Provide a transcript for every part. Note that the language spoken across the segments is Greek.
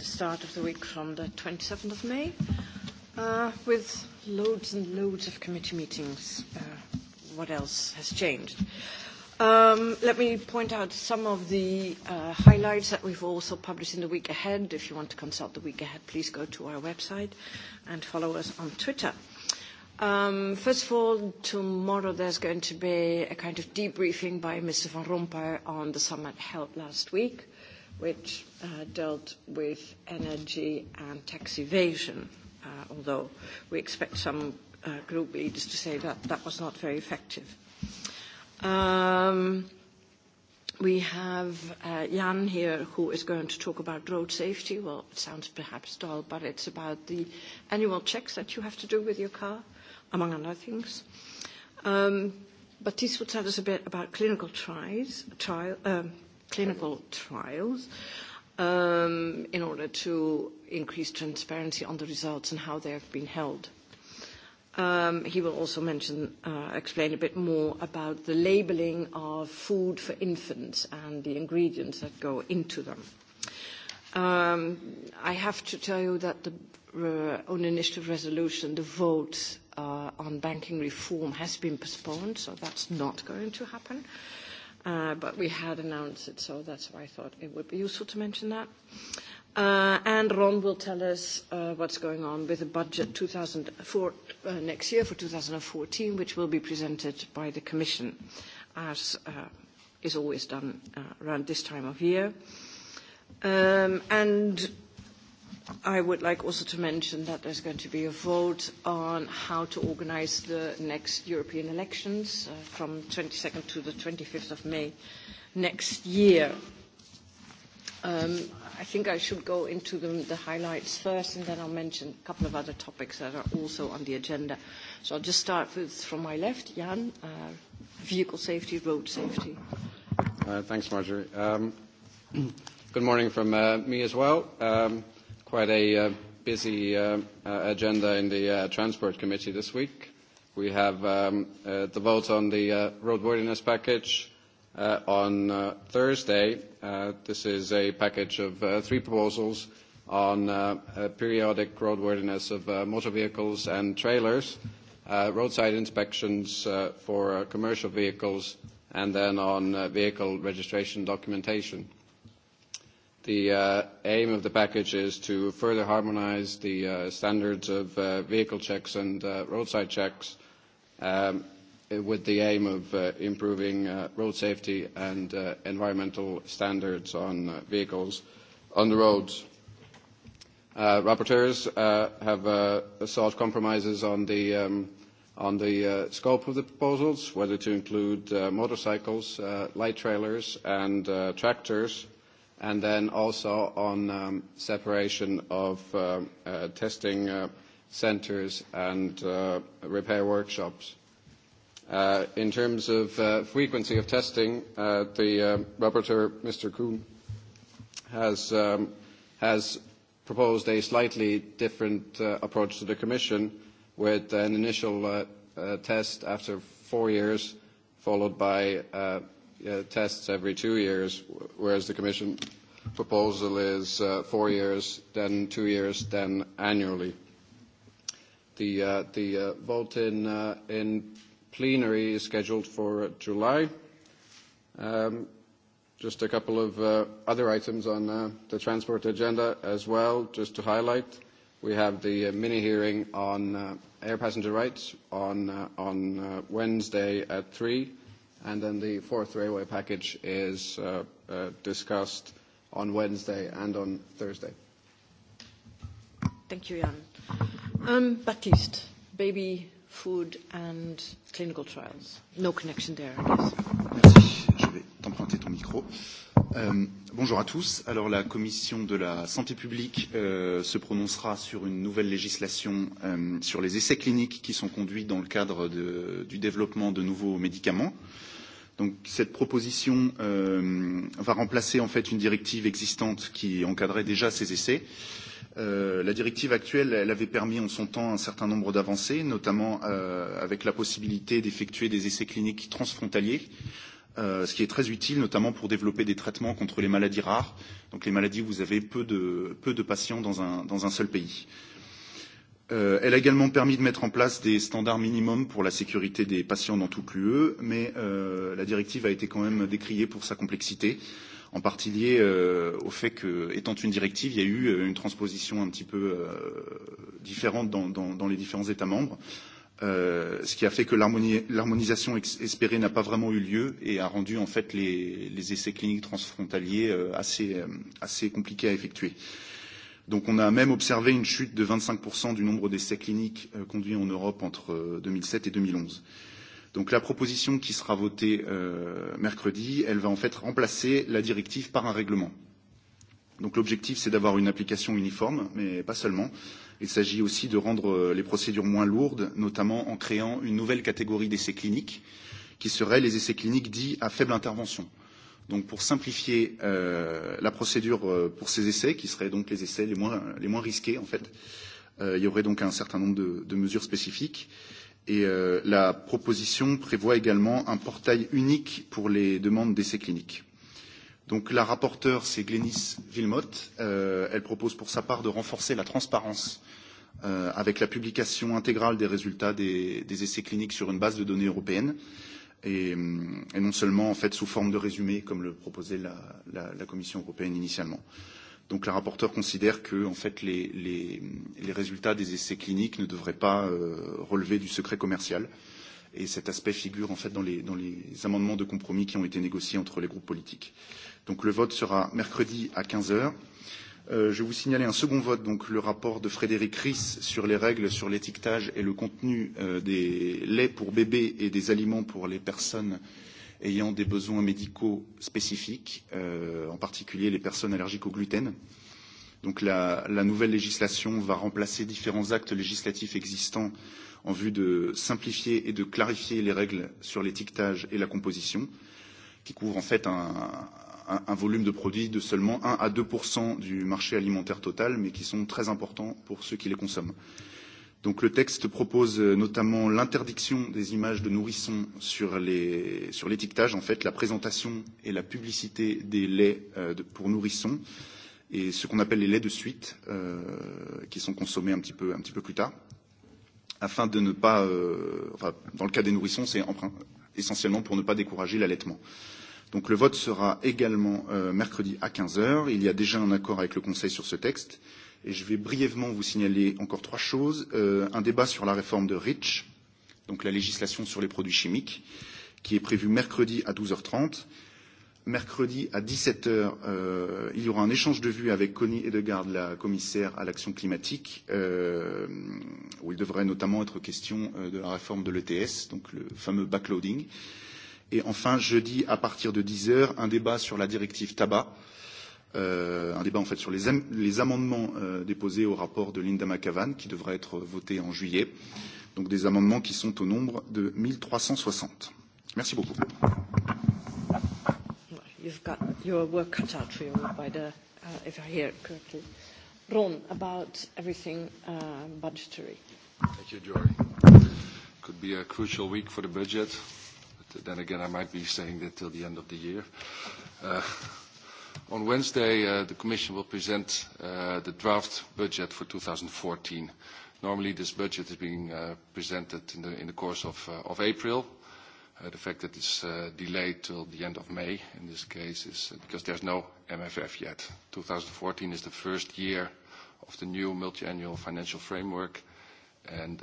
the start of the week from the 27th of May with loads and loads of committee meetings. What else has changed? Let me point out some of the highlights that we've also published in the week ahead. If you want to consult the week ahead, please go to our website and follow us on Twitter. First of all, tomorrow there's going to be a kind of debriefing by Mr. Van Rompuy on the summit held last week which dealt with energy and tax evasion, although we expect some group leaders to say that that was not very effective. We have Jan here who is going to talk about road safety. Well, it sounds perhaps dull, but it's about the annual checks that you have to do with your car, among other things. Baptiste will tell us a bit about clinical trials clinical trials in order to increase transparency on the results and how they have been held. He will also mention, explain a bit more about the labeling of food for infants and the ingredients that go into them. I have to tell you that the own initiative resolution, the vote on banking reform has been postponed, so that's not going to happen but we had announced it, so that's why I thought it would be useful to mention that. And Ron will tell us what's going on with the budget 2004 next year for 2014, which will be presented by the Commission, as is always done around this time of year. And I would like also to mention that there's going to be a vote on how to organize the next European elections from 22nd to the 25th of May next year. I think I should go into the highlights first, and then I'll mention a couple of other topics that are also on the agenda. So I'll just start with, from my left, Jan, vehicle safety, road safety. Thanks, Marjorie. Good morning from me as well quite a busy agenda in the Transport Committee this week. We have the vote on the roadworthiness package on Thursday. This is a package of three proposals on periodic roadworthiness of motor vehicles and trailers, roadside inspections for commercial vehicles, and then on vehicle registration documentation. The aim of the package is to further harmonize the standards of vehicle checks and roadside checks with the aim of improving road safety and environmental standards on vehicles on the roads. Rapporteurs have sought compromises on the scope of the proposals, whether to include motorcycles, light trailers and tractors and then also on separation of testing centers and repair workshops. In terms of frequency of testing, the rapporteur, Mr. Kuhn, has proposed a slightly different approach to the Commission with an initial test after four years, followed by tests every two years, whereas the Commission proposal is four years, then two years, then annually. The vote in plenary is scheduled for July. Just a couple of other items on the transport agenda as well, just to highlight. We have the mini-hearing on air passenger rights on Wednesday at 3 and then the fourth railway package is discussed on Wednesday and on Thursday. Thank you, Jan. Baptiste, baby food and clinical trials. No connection there, I guess emprunter ton micro. Bonjour à tous. Alors la commission de la santé publique se prononcera sur une nouvelle législation sur les essais cliniques qui sont conduits dans le cadre du développement de nouveaux médicaments. Donc cette proposition va remplacer en fait une directive existante qui encadrait déjà ces essais. La directive actuelle, elle avait permis en son temps un certain nombre d'avancées, notamment avec la possibilité d'effectuer des essais cliniques transfrontaliers ce qui est très utile notamment pour développer des traitements contre les maladies rares, donc les maladies où vous avez peu de patients dans un seul pays. Elle a également permis de mettre en place des standards minimums pour la sécurité des patients dans toute l'UE, mais la directive a été quand même décriée pour sa complexité, en particulier liée au fait que, étant une directive, il y a eu une transposition un petit peu différente dans les différents États membres ce qui a fait que l'harmonisation espérée n'a pas vraiment eu lieu et a rendu en fait les essais cliniques transfrontaliers assez compliqués à effectuer. Donc on a même observé une chute de 25% du nombre d'essais cliniques conduits en Europe entre 2007 et 2011. Donc la proposition qui sera votée mercredi, elle va en fait remplacer la directive par un règlement. Donc l'objectif, c'est d'avoir une application uniforme, mais pas seulement, Il s'agit aussi de rendre les procédures moins lourdes, notamment en créant une nouvelle catégorie d'essais cliniques, qui seraient les essais cliniques dits à faible intervention. Donc pour simplifier la procédure pour ces essais, qui seraient donc les essais les moins risqués en fait, il y aurait donc un certain nombre de mesures spécifiques. Et la proposition prévoit également un portail unique pour les demandes d'essais cliniques. Donc la rapporteure, c'est Glénis Villemotte. Elle propose pour sa part de renforcer la transparence avec la publication intégrale des résultats des essais cliniques sur une base de données européenne et non seulement en fait sous forme de résumé comme le proposait la Commission européenne initialement. Donc la rapporteure considère que en fait les résultats des essais cliniques ne devraient pas relever du secret commercial et cet aspect figure en fait dans les, dans les amendements de compromis qui ont été négociés entre les groupes politiques. Donc le vote sera mercredi à 15h. Euh, je vous signaler un second vote, donc le rapport de Frédéric Ries sur les règles sur l'étiquetage et le contenu des laits pour bébés et des aliments pour les personnes ayant des besoins médicaux spécifiques, en particulier les personnes allergiques au gluten. Donc la, la nouvelle législation va remplacer différents actes législatifs existants en vue de simplifier et de clarifier les règles sur l'étiquetage et la composition, qui couvrent en fait un volume de produits de seulement 1 à 2 du marché alimentaire total, mais qui sont très importants pour ceux qui les consomment. Donc le texte propose notamment l'interdiction des images de nourrissons sur l'étiquetage, en fait la présentation et la publicité des laits pour nourrissons, et ce qu'on appelle les laits de suite, qui sont consommés un petit peu plus tard afin de ne pas, enfin, dans le cas des nourrissons, c'est essentiellement pour ne pas décourager l'allaitement. Donc le vote sera également mercredi à 15h. Il y a déjà un accord avec le Conseil sur ce texte. Et je vais brièvement vous signaler encore trois choses. Un débat sur la réforme de RICH, donc la législation sur les produits chimiques, qui est prévu mercredi à 12h30 mercredi à 17h, il y aura un échange de vues avec Connie Edegaard, la commissaire à l'action climatique, où il devrait notamment être question de la réforme de l'ETS, donc le fameux backloading. Et enfin, jeudi, à partir de 10h, un débat sur la directive tabac, un débat en fait sur les amendements déposés au rapport de Linda McAvan, qui devrait être voté en juillet. Donc des amendements qui sont au nombre de 1360. Merci beaucoup you've got your work cut out for you by the, if I hear it correctly. Ron, about everything budgetary. Thank you, Jory. Could be a crucial week for the budget. But then again, I might be saying that till the end of the year. On Wednesday, the Commission will present the draft budget for 2014. Normally, this budget is being presented in the in the course of of April The fact that it's delayed till the end of May in this case is because there's no MFF yet. 2014 is the first year of the new multi-annual financial framework, and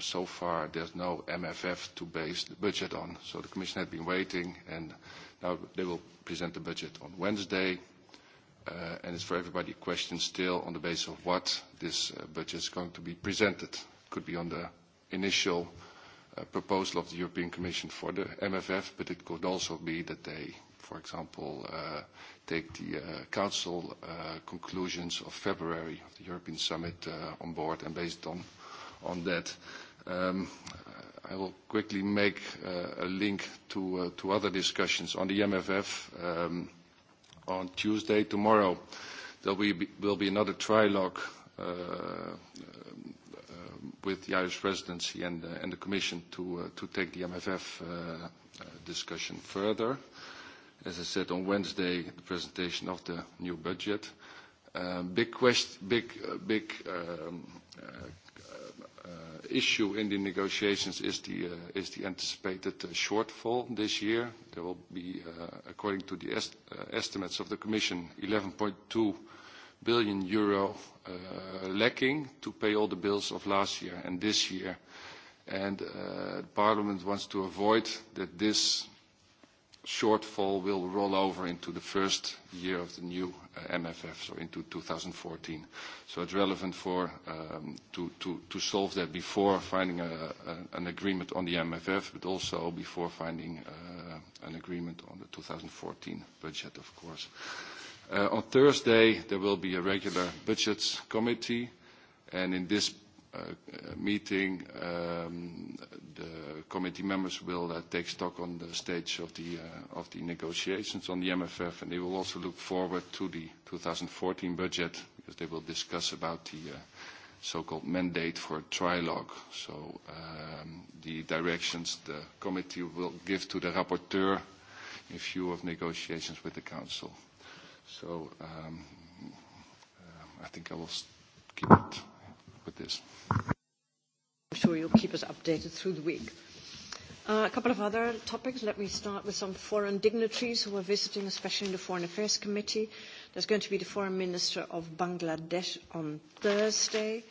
so far there's no MFF to base the budget on. So the Commission had been waiting, and now they will present the budget on Wednesday, and it's for everybody a question still on the basis of what this budget is going to be presented. Could be on the initial proposal of the European Commission for the MFF, but it could also be that they, for example, take the Council conclusions of February of the European Summit on board, and based on that, I will quickly make a link to other discussions on the MFF. On Tuesday, tomorrow, there will be another trilogue with the Irish presidency and the Commission to take the MFF discussion further. As I said, on Wednesday, the presentation of the new budget. Big issue in the negotiations is the anticipated shortfall this year. There will be, according to the estimates of the Commission, 11.2 billion euro lacking to pay all the bills of last year and this year. And Parliament wants to avoid that this shortfall will roll over into the first year of the new MFF, so into 2014. So it's relevant for to solve that before finding an agreement on the MFF, but also before finding an agreement on the 2014 budget, of course. On Thursday, there will be a regular budgets committee, and in this meeting, the committee members will take stock on the stage of the negotiations on the MFF, and they will also look forward to the 2014 budget, because they will discuss about the so-called mandate for trilogue. So the directions the committee will give to the rapporteur in view of negotiations with the Council. So I think I will keep it with this. I'm sure you'll keep us updated through the week. A couple of other topics. Let me start with some foreign dignitaries who are visiting, especially in the Foreign Affairs Committee. There's going to be the Foreign Minister of Bangladesh on Thursday.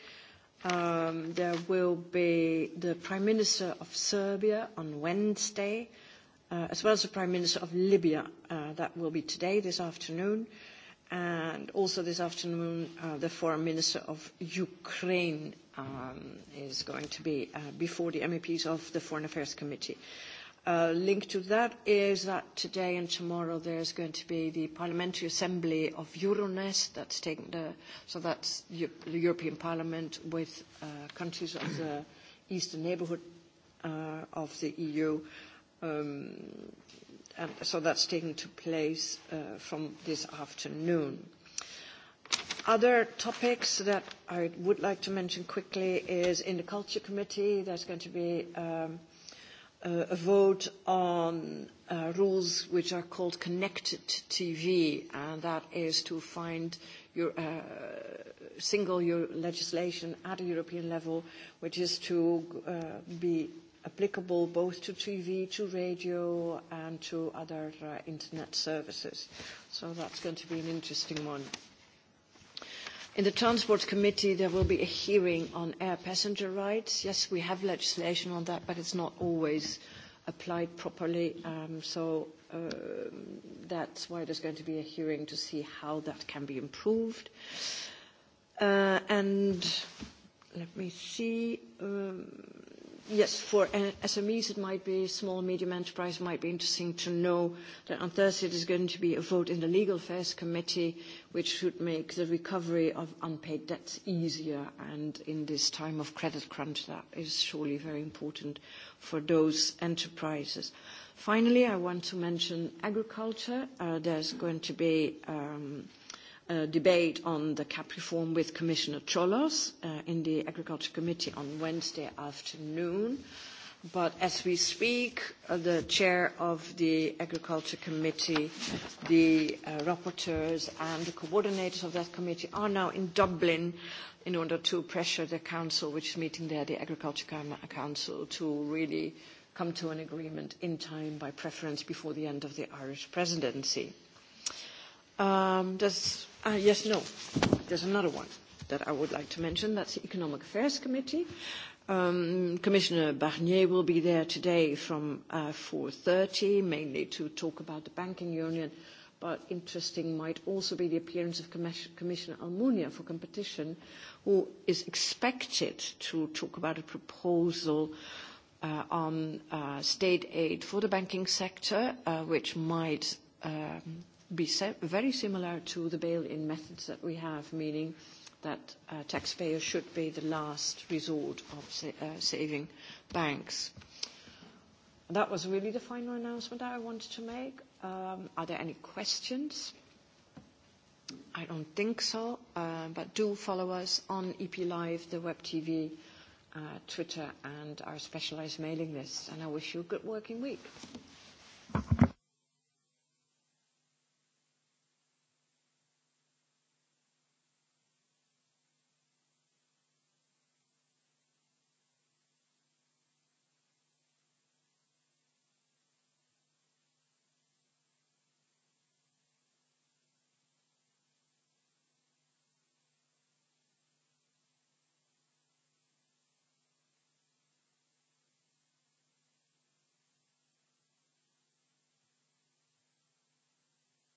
There will be the Prime Minister of Serbia on Wednesday as well as the Prime Minister of Libya. That will be today, this afternoon. And also this afternoon, the Foreign Minister of Ukraine is going to be before the MEPs of the Foreign Affairs Committee. link to that is that today and tomorrow there is going to be the Parliamentary Assembly of Euronest. That's taking the so that's the European Parliament with countries of the Eastern neighbourhood of the EU and So that's taking to place from this afternoon. Other topics that I would like to mention quickly is in the Culture Committee, there's going to be a vote on rules which are called connected TV, and that is to find your single legislation at a European level, which is to be applicable both to TV, to radio and to other internet services. So that's going to be an interesting one. In the Transport Committee there will be a hearing on air passenger rights. Yes, we have legislation on that, but it's not always applied properly. So that's why there's going to be a hearing to see how that can be improved. And let me see yes, for SMEs it might be, small and medium enterprise might be interesting to know that on Thursday there's going to be a vote in the Legal Affairs Committee which should make the recovery of unpaid debts easier. And in this time of credit crunch, that is surely very important for those enterprises. Finally, I want to mention agriculture. There's going to be debate on the CAP reform with Commissioner Cholos in the Agriculture Committee on Wednesday afternoon. But as we speak, the chair of the Agriculture Committee, the rapporteurs and the coordinators of that committee are now in Dublin in order to pressure the Council, which is meeting there, the Agriculture Council, to really come to an agreement in time by preference before the end of the Irish presidency yes, no. There's another one that I would like to mention. That's the Economic Affairs Committee. Commissioner Barnier will be there today from 4.30, mainly to talk about the banking union, but interesting might also be the appearance of Commissioner Almunia for competition, who is expected to talk about a proposal on state aid for the banking sector, which might be very similar to the bail-in methods that we have, meaning that taxpayers should be the last resort of saving banks. That was really the final announcement I wanted to make. Are there any questions? I don't think so, but do follow us on EP Live, the web TV, Twitter, and our specialized mailing list. And I wish you a good working week.